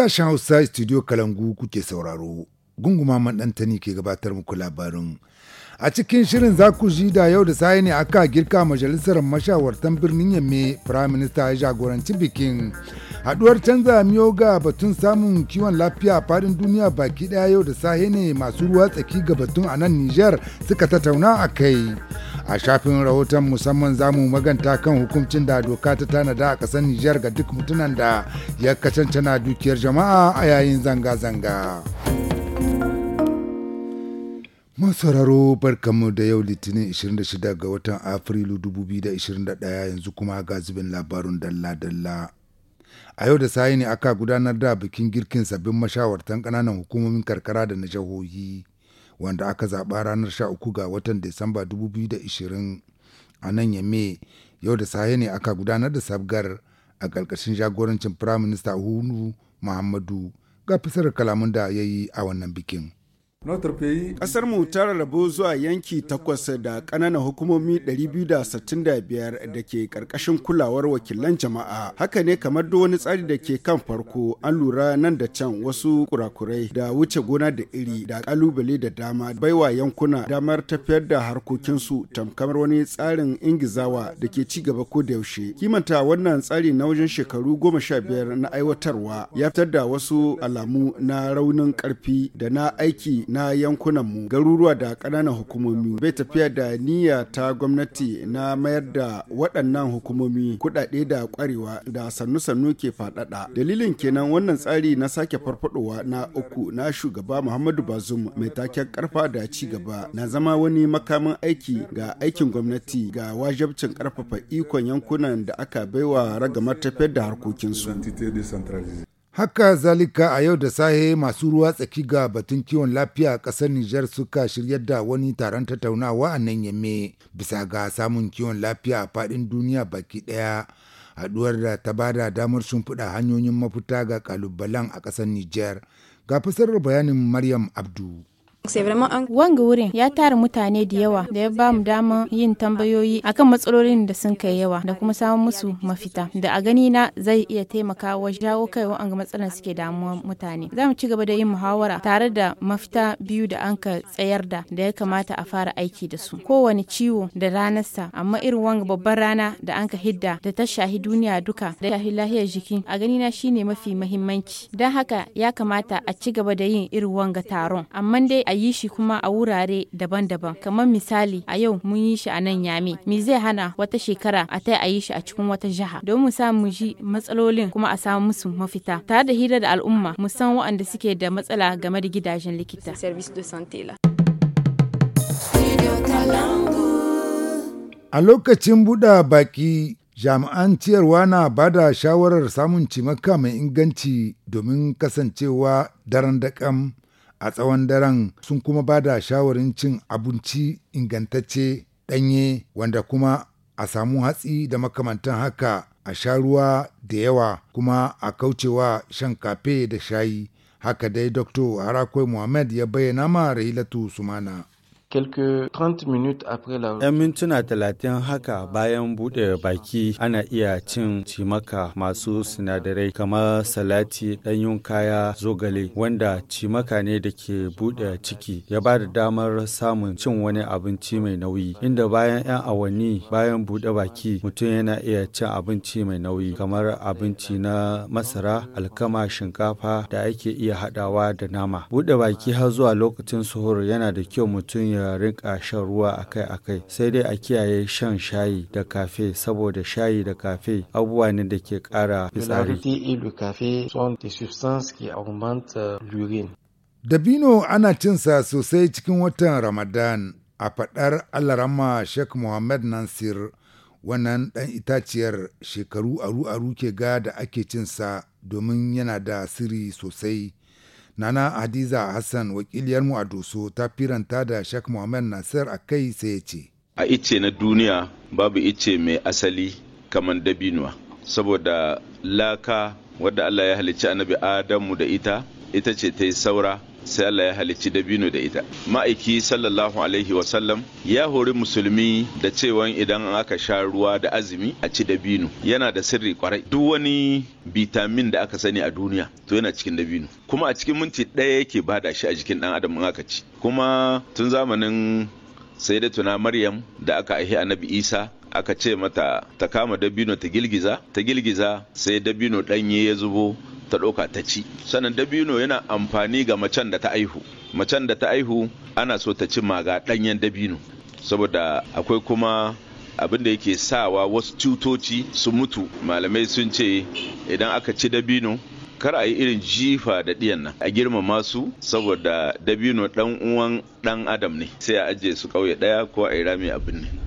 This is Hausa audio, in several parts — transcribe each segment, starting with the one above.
Sashen Hausa Studio Kalangu kuke sauraro, gunguma maɗantani ke gabatar muku labarin. A cikin shirin za ku ji da yau da sai ne aka girka majalisar mashawartan birnin Yamme, prime minister ya jagoranci bikin. haduwar canza miyo ga batun samun kiwon lafiya a faɗin duniya baki ɗaya yau da sahi ne masu ruwa tsaki ga batun a nan Nijar suka tattauna a kai. a shafin rahoton musamman zamu maganta kan hukuncin da doka ta tanada a kasar Nijar ga duk mutunan da ya na dukiyar jama'a a yayin zanga-zanga. masararo barkamu da yau litinin 26 ga watan afrilu 2021 yanzu kuma ga zubin labarun dalla-dalla a yau da sayi ne aka gudanar da bikin girkin sabbin mashawartan kananan hukumomin karkara da na jihohi wanda aka zaɓa ranar 13 ga watan Disamba 2020 a nan Yamme yau da sahe ne aka gudanar da sabgar a ƙarƙashin jagorancin Firaminista Hunu Muhammadu ga fasar kalamun da ya yi a wannan bikin. Ƙasar mu ta rarrabu zuwa yanki takwas da ƙananan hukumomi 265 da ke ƙarƙashin kulawar wakilan jama'a. Haka ne kamar duk wani tsari da ke kan farko an lura nan da can wasu kurakurai da wuce gona da iri da ƙalubale da dama baiwa yankuna damar tafiyar da harkokinsu tamkar wani tsarin ingizawa da ke ci gaba ko da yaushe. Kimanta wannan tsari na wajen shekaru goma sha biyar na aiwatarwa ya fitar da wasu alamu na raunin ƙarfi da na aiki na yankunanmu garuruwa da ƙananan hukumomi bai tafiya da niyya ta gwamnati na mayar da waɗannan hukumomi kuɗaɗe da ƙwarewa da sannu-sannu ke faɗaɗa dalilin kenan wannan tsari na sake farfadowa na uku na shugaba muhammadu bazum mai taken karfa da ci gaba na zama wani makamin aiki ga aikin gwamnati ga wajabcin karfafa ikon yankunan da aka baiwa ragamar tafiyar da harkokinsu Haka zalika a yau da sahe masu ruwa tsaki ga batun kiwon lafiya a ƙasar Nijar suka shiryar da wani taron tattaunawa a nan yamme bisa ga samun kiwon lafiya a faɗin duniya baki ɗaya. Haɗuwar da ta bada damar shimfiɗa hanyoyin mafita ga ƙalubalen a ƙasar Nijar. Ga fasarar bayanin Maryam Abdu. Wanga wurin ya tara mutane da yawa da ya ba mu dama yin tambayoyi akan matsalolin da sun kai yawa da kuma samun musu mafita da a gani na zai iya taimakawa jawo kai wa'anga matsalan suke damuwa mutane. Za mu ci gaba da yin muhawara tare da mafita biyu da an ka tsayar da da ya kamata a fara aiki da su. Kowane ciwo da ranarsa amma irin wanga babban rana da an ka hidda da ta shahi duniya duka da shahi lahiyar jiki a gani na shine mafi mahimmanci. Don haka ya kamata a ci gaba da yin irin wanga taron amma dai a yi shi kuma a wurare daban-daban kamar misali a yau mun yi shi a nan yame me zai hana wata shekara a ta a yi shi a cikin wata jiha don mu sa mu ji matsalolin kuma a samu musu mafita tare da hira da al'umma musan waɗanda suke da matsala game da gidajen likita. A lokacin buɗa baki jami'an ciyarwa na ba da shawarar samun cimaka mai inganci domin kasancewa daren da a tsawon daren sun kuma ba da shawarin cin abinci ingantacce ɗanye wanda kuma a samu hatsi da makamantan haka a sha ruwa da yawa kuma a kaucewa shan kafe da shayi haka dai dr harakwai muhammad ya bayyana ma rahilatu sumana 'Yan mintuna talatin haka bayan buɗe baki ana iya cin cimaka masu sinadarai kamar salati ɗanyun kaya zogale wanda cimaka ne da ke buɗe ciki ya ba da damar samun cin wani abinci mai nauyi inda bayan 'yan awanni bayan buɗe baki mutum yana iya cin abinci mai nauyi kamar abinci na masara alkama shinkafa da ake iya haɗawa da nama buɗe baki har zuwa lokacin suhur yana da kyau mutum ya ya rinka shan ruwa akai-akai sai dai a kiyaye shan shayi da kafe saboda shayi da kafe abubuwa ne da ke kara fitsari. Euh, Dabino ana cinsa sosai cikin watan Ramadan a faɗar Alarama Sheikh Muhammad nasir wannan ɗan itaciyar shekaru aru-aru ke ga da ake cinsa domin yana da siri sosai. Nana Hadiza Hassan wakiliyarmu a Doso ta firanta da Sheikh Muhammad Nasir a kai sai ya ce. A ice na duniya babu ice mai asali kamar dabinuwa saboda laka wadda Allah ya halicci annabi Adamu da ita ita ce ta yi saura sai Allah ya halicci dabino da ita ma'aiki sallallahu alaihi wasallam ya hori musulmi da cewa idan aka sha ruwa da azumi a ci dabino yana da sirri kwarai duk wani bitamin da aka sani a duniya to yana cikin dabino kuma a cikin minti ɗaya yake bada shi a jikin ɗan adam in aka ci kuma tun zamanin sai da tuna maryam da aka aihi annabi isa aka ce mata ta kama dabino ta gilgiza ta gilgiza sai dabino ɗanye ya zubo ta ɗauka ta ci sannan dabino yana amfani ga macen da ta aihu macen da ta aihu ana so ta ci maga ɗanyen dabino saboda akwai kuma abin da yake sawa wasu cutoci su mutu malamai sun ce idan aka ci dabino kar a yi irin jifa da ɗiyan nan a girmama su saboda dabino ɗan uwan ɗan adam ne sai a ajiye su ƙauye ɗaya ko a yi rami abin ne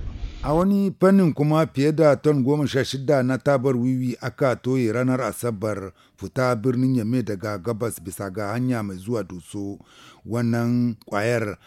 A wani fannin kuma fiye da ton goma sha shida na tabar wiwi aka toye ranar Asabar fita birnin Yame daga gabas bisa ga hanya mai zuwa doso wannan kwayar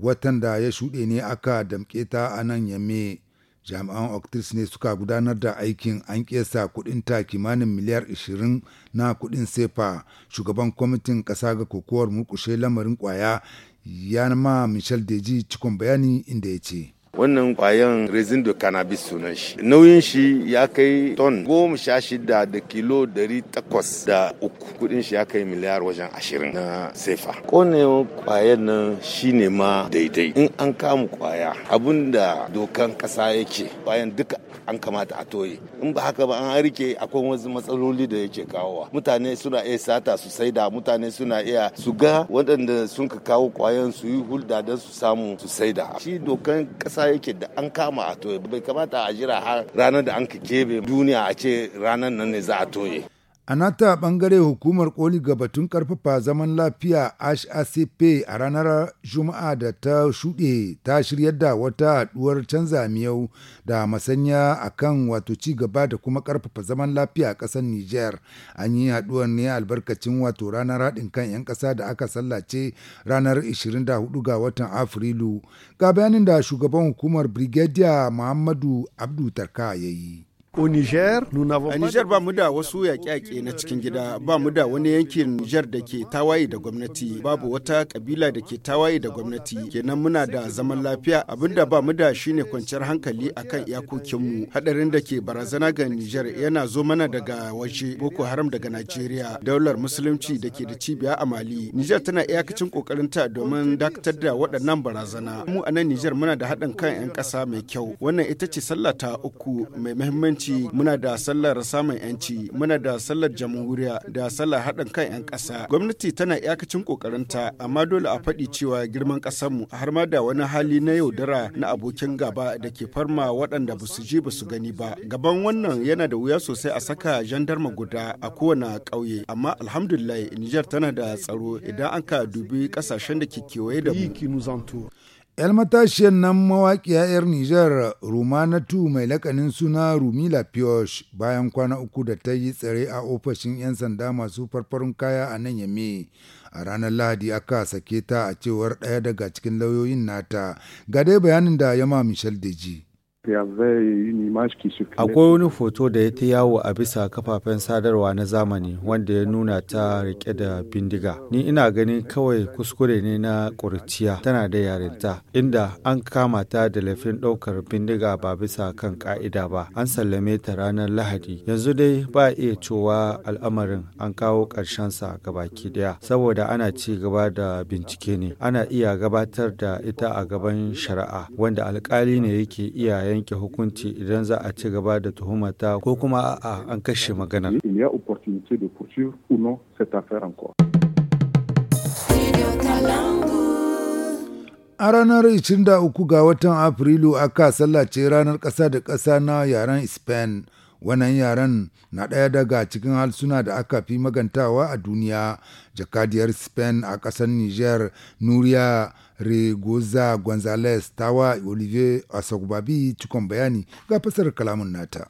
watan da ya shuɗe ne aka damƙe ta a nan Yame. Jami'an Octis ne suka gudanar da aikin an kesa kuɗin ta kimanin miliyar 20 na kuɗin sefa. Shugaban kwamitin ƙasa ga kokowar murƙushe lamarin kwaya ya ma Michel Deji cikon bayani inda ya ce. wannan kwayan resin da cannabis sunan shi nauyin shi ya kai ton goma sha shida da kilo dari takwas da uku kudin shi ya kai miliyar wajen ashirin na sefa kone kwayan nan shine ma daidai in an kama kwaya abinda dokan kasa yake bayan duka an kamata a toye in ba haka ba an rike akwai wasu matsaloli da yake kawo kawowa mutane suna iya sata su saida mutane suna iya su ga waɗanda sun ka kawo kwayan su yi hulda don su samu su saida shi dokan kasa kasa yake da an kama a toye bai kamata a jira har ranar da an ka kebe duniya a ce ranar nan ne za a toye A nata ɓangare hukumar koli ga batun karfafa zaman lafiya HACP a ranar Juma'a da ta shuɗe ta shirya da wata haɗuwar canza miyau da masanya a kan wato ci gaba da kuma ƙarfafa zaman lafiya a ƙasar Nijar. An yi haɗuwar ne albarkacin wato ranar haɗin kan 'yan ƙasa da aka sallace ranar 24 ga watan Afrilu. Ga bayanin da shugaban hukumar Brigadier Muhammadu Abdu Tarka ya yi. Ko Niger, a Niger ba mu da wasu yaƙe-yaƙe na cikin gida, ba mu da wani yankin Niger da ke tawaye da gwamnati, babu wata kabila da ke tawaye da gwamnati, kenan muna da zaman lafiya abinda ba mu da shine kwanciyar hankali akan iyakokinmu. Hadarin da ke barazana ga Niger yana zo mana daga waje Boko Haram daga Najeriya, daular musulunci da ke da cibiya a Mali. Niger tana iyakacin ta domin dakatar da waɗannan barazana. Mu a nan Niger muna da haɗin kan 'yan ƙasa mai kyau. Wannan ita ce sallata uku mai muhimmanci yanci muna da sallar samun yanci muna da sallar jamhuriya da sallar haɗin kan 'yan ƙasa gwamnati tana iyakacin ta amma dole a faɗi cewa girman ƙasarmu har ma da wani hali na yaudara na abokin gaba da ke farma waɗanda ba su ji ba su gani ba gaban wannan yana da wuya sosai a saka jandarma guda a kowane ƙauye amma alhamdulillah Nijar tana da tsaro idan an ka dubi ƙasashen da ke kewaye da mu 'yar matashiyar nan mawaƙiya 'yar Nijar Rumanatu mai lakanin suna Rumila Pioche bayan kwana uku da ta yi tsare a ofishin 'yan sanda masu farfarin kaya a nan Yame. A ranar Lahadi aka sake ta a cewar ɗaya daga cikin lauyoyin nata, ga dai bayanin da Yama Michel Deji. Akwai wani hoto da ya ta yawo a bisa kafafen sadarwa na zamani wanda ya nuna ta rike da bindiga. Ni ina ganin kawai kuskure ne na ƙuruciya tana da yarinta, inda an kama ta da laifin ɗaukar bindiga ba bisa kan ƙa'ida ba. An sallame ta ranar Lahadi. Yanzu dai ba iya cewa al'amarin an kawo ƙarshensa baki ɗaya, saboda ana ci gaba da bincike ne. Ana iya gabatar da ita a gaban shari'a, wanda alkali ne yake iya yanke hukunci idan za a ci gaba da tuhumata ko kuma a an kashe maganar. A ranar 23 ga watan Afrilu aka sallace ranar ƙasa da ƙasa na yaren Spain. Wannan yaren na ɗaya daga cikin halsuna da aka fi magantawa a duniya. Jakadiyar Spain a ƙasar Niger, Nuria Regoza Gonzalez tawa Olivier Asogbabi cikon bayani ga fasar kalamun nata.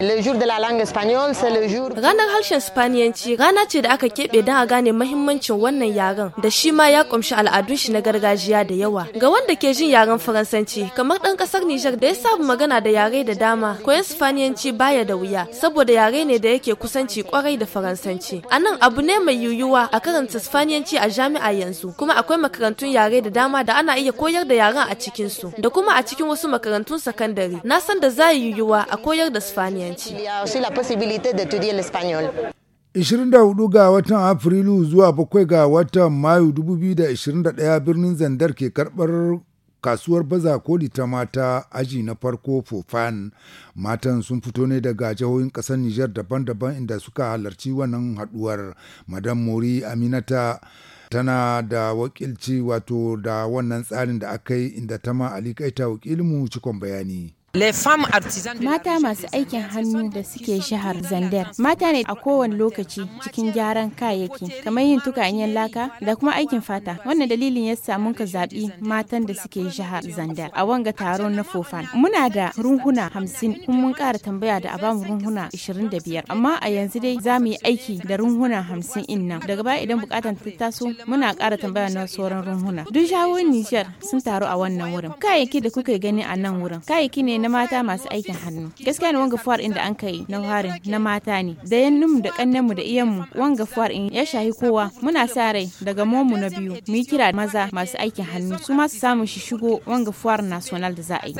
Ranar harshen Spaniyanci rana ce da aka keɓe don a gane mahimmancin wannan yaren da shi ma ya ƙumshi al'adun shi na gargajiya da yawa. Ga wanda ke jin yaren Faransanci, kamar ɗan ƙasar Nijar da ya saba magana da yare da dama, koyon Spaniyanci baya da wuya saboda yare ne da yake kusanci kwarai da Faransanci. A nan abu ne mai yiwuwa a karanta Spaniyanci a jami'a yanzu, kuma akwai makarantun yare da dama da ana iya koyar da yaren a cikinsu, da kuma a cikin wasu makarantun sakandare. Na san da za yi yiwuwa a koyar da Spaniyanci. Turanci. Il y a aussi la ga watan Afrilu zuwa 7 ga watan Mayu 2021 birnin Zandar ke karbar kasuwar baza koli ta mata aji na farko fofan matan sun fito ne daga jihohin kasar nijar daban-daban inda suka halarci wannan haduwar madam mori aminata tana da wakilci wato da wannan tsarin da aka yi inda tama alikaita wakilinmu cikon bayani Mata masu aikin hannu da suke shahar zandar. Mata ne a kowane lokaci cikin gyaran kayayyaki, kamar yin tukanyen laka da kuma aikin fata. Wannan dalilin ya samu ka zaɓi matan da suke shahar zandar a wanga taro na fofan. Muna da runhuna hamsin kun mun ƙara tambaya da a bamu runhuna ishirin da biyar. Amma a yanzu dai za mu yi aiki da runhuna hamsin in nan. Daga baya idan buƙatar ta taso muna ƙara tambaya na sauran runhuna. Duk jawo Nijar sun taru a wannan wurin. Kayayyaki da kuka gani a nan wurin. Kayayyaki ne na mata masu aikin hannu gaskiya ne wanga fuwar inda an kai na harin na mata ne da yannunmu da mu da iyanmu wanga fuwar in ya shahi kowa muna sa rai daga momu na biyu mu yi kira maza masu aikin hannu su ma su samu shi shigo wanga fuwar national da za a yi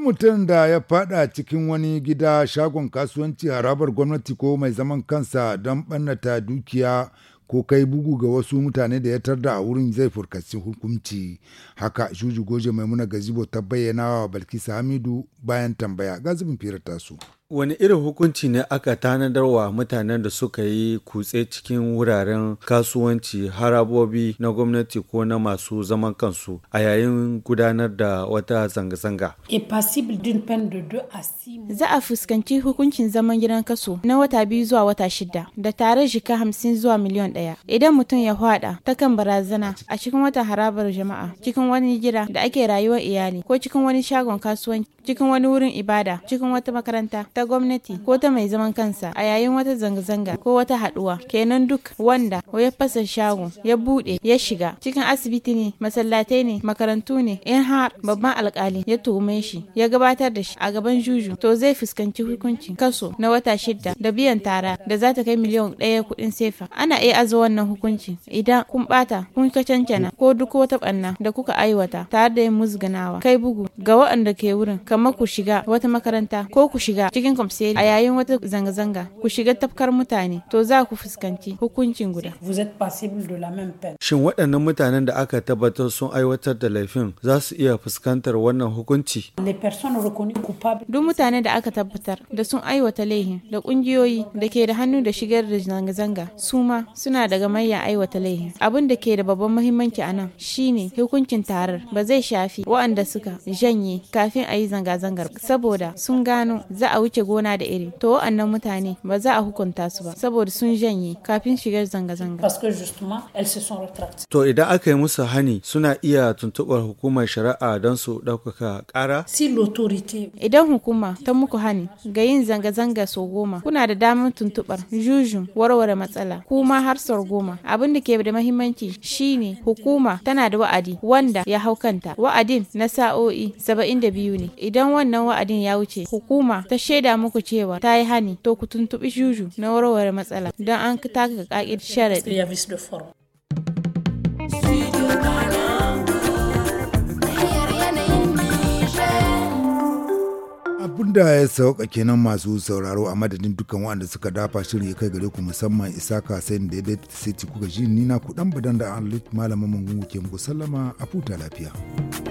mutum da ya fada cikin wani gida shagon kasuwanci harabar gwamnati ko mai zaman kansa don bannata dukiya ko kai bugu ga wasu mutane da ya tarda a wurin zai furkaci hukunci haka juju goje maimuna gazibo ta bayyana wa balkisa hamidu bayan tambaya gazibin firata su. Wani irin hukunci ne aka tanadar wa mutanen da suka yi kutse cikin wuraren kasuwanci harabobi na gwamnati ko na masu zaman kansu a yayin gudanar da wata zanga-zanga? Za a fuskanci hukuncin zaman gidan kaso na wata biyu zuwa wata shida da tare jika hamsin zuwa miliyon daya Idan mutum ya hwada ta kan barazana a cikin wata harabar jama'a cikin wani gida da ake rayuwar iyali ko cikin wani shagon kasuwanci cikin wani wurin ibada cikin wata makaranta ta gwamnati ko ta mai zaman kansa a yayin wata zanga-zanga ko wata haduwa kenan duk wanda ya fasa shago ya bude ya shiga cikin asibiti ne masallatai ne makarantu ne in har babban alkali ya tuhume shi ya gabatar da shi a gaban juju to zai fuskanci hukunci kaso na wata shida da biyan tara da za ta kai miliyan ɗaya kuɗin sefa ana iya aza wannan hukunci idan kun bata kun ka cancana ko duk wata banna da kuka aiwata tare da yin musganawa kai bugu ga waɗanda ke wurin kamar ku shiga wata makaranta ko ku shiga cikin cikin a yayin wata zanga-zanga ku shiga tafkar mutane to za ku fuskanci hukuncin guda. Shin waɗannan mutanen da aka tabbatar sun aiwatar da laifin za su iya fuskantar wannan hukunci? Duk mutanen da aka tabbatar da sun aiwata laifin da ƙungiyoyi da ke da hannu da shigar da zanga-zanga su ma suna daga manya aiwata laifin. Abin da ke da babban muhimmanci a nan shine hukuncin tarar ba zai shafi waɗanda suka janye kafin a yi zanga-zangar saboda sun gano za a wuce wuce gona da iri to wa'annan mutane ba za a hukunta su ba saboda sun janye kafin shigar zanga-zanga to idan aka yi musu hani suna iya tuntuɓar hukumar shari'a don su ɗaukaka ƙara idan hukuma ta muku hani ga yin zanga-zanga sau goma kuna da damar tuntuɓar jujun warware matsala kuma har sau goma abin da ke da mahimmanci shine hukuma tana da wa'adi wanda ya hau kanta wa'adin na sa'o'i saba'in da biyu ne idan wannan wa'adin ya wuce hukuma ta shaida shaida muku cewa ta yi hani to ku tuntuɓi juju na warware matsala don an taka ƙaƙin sharaɗi. da ya sauka kenan masu sauraro a madadin dukkan waɗanda suka dafa shirin ya kai gare ku musamman isaka sayin da ya sai kuka ji ni na ku badan da an malamin mun ke muku sallama a futa lafiya.